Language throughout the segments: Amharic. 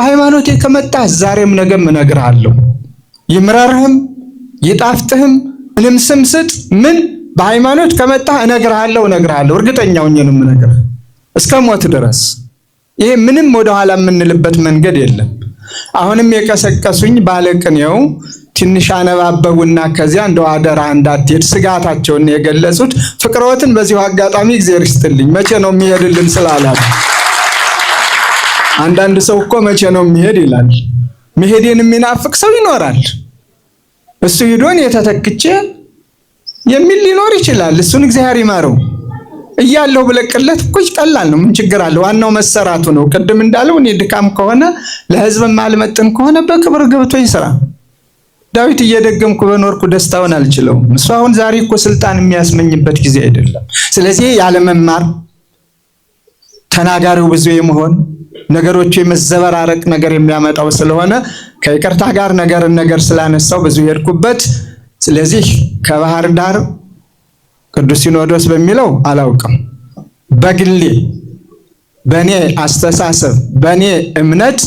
በሃይማኖቴ ከመጣ ዛሬም ነገም እነግርሃለሁ። ይምረርህም ይጣፍጥህም፣ ምንም ስም ስጥ፣ ምን በሃይማኖት ከመጣ እነግርሃለሁ እነግርሃለሁ። እርግጠኛው እኛንም ነገር እስከ ሞት ድረስ ይሄ ምንም ወደኋላ የምንልበት መንገድ የለም። አሁንም የቀሰቀሱኝ ባለቅኔው ትንሽ አነባበቡና ከዚያ እንደ አደራ እንዳትሄድ ስጋታቸውን የገለጹት ፍቅሮትን በዚሁ አጋጣሚ እግዚአብሔር ይስጥልኝ መቼ ነው የሚሄድልን ስላላል አንዳንድ ሰው እኮ መቼ ነው የሚሄድ ይላል። መሄዴን የሚናፍቅ ሰው ይኖራል። እሱ ሂዶን የተተክቼ የሚል ሊኖር ይችላል። እሱን እግዚአብሔር ይማረው እያለው ብለቅለት እኮ ቀላል ነው። ምን ችግር አለ? ዋናው መሰራቱ ነው። ቅድም እንዳለው እኔ ድካም ከሆነ ለሕዝብ ማልመጥን ከሆነ በክብር ገብቶ ይስራ። ዳዊት እየደገምኩ በኖርኩ ደስታውን አልችለውም። እሱ አሁን ዛሬ እኮ ስልጣን የሚያስመኝበት ጊዜ አይደለም። ስለዚህ ያለመማር ተናጋሪው ብዙ የመሆን ነገሮቹ የመዘበራረቅ ነገር የሚያመጣው ስለሆነ ከይቅርታ ጋር ነገርን ነገር ስላነሳው ብዙ የሄድኩበት። ስለዚህ ከባህር ዳር ቅዱስ ሲኖዶስ በሚለው አላውቅም። በግሌ በእኔ አስተሳሰብ በእኔ እምነት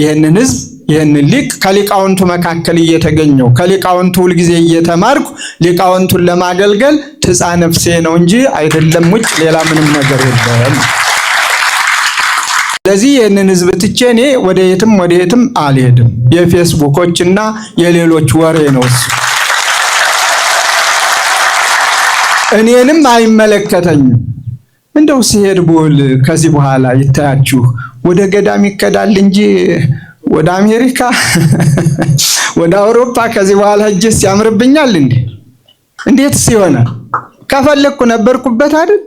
ይህንን ህዝብ ይህንን ሊቅ ከሊቃውንቱ መካከል እየተገኘው ከሊቃውንቱ ሁልጊዜ እየተማርኩ ሊቃውንቱን ለማገልገል ትፃ ነፍሴ ነው እንጂ አይደለም ውጭ ሌላ ምንም ነገር የለም። ለዚህ ይህንን ህዝብ ትቼ እኔ ወደ የትም ወደ የትም አልሄድም። የፌስቡኮች እና የሌሎች ወሬ ነው እሱ። እኔንም አይመለከተኝም። እንደው ሲሄድ ብውል ከዚህ በኋላ ይታያችሁ፣ ወደ ገዳም ይከዳል እንጂ ወደ አሜሪካ ወደ አውሮፓ ከዚህ በኋላ እጅስ ያምርብኛል እንዴ? እንዴት ሲሆነ ከፈለግኩ ነበርኩበት አይደል?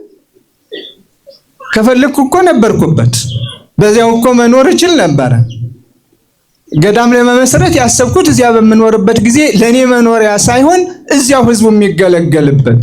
ከፈለግኩ እኮ ነበርኩበት። በዚያው እኮ መኖር እችል ነበረ። ገዳም ለመመስረት ያሰብኩት እዚያ በምኖርበት ጊዜ ለእኔ መኖሪያ ሳይሆን እዚያው ህዝቡ የሚገለገልበት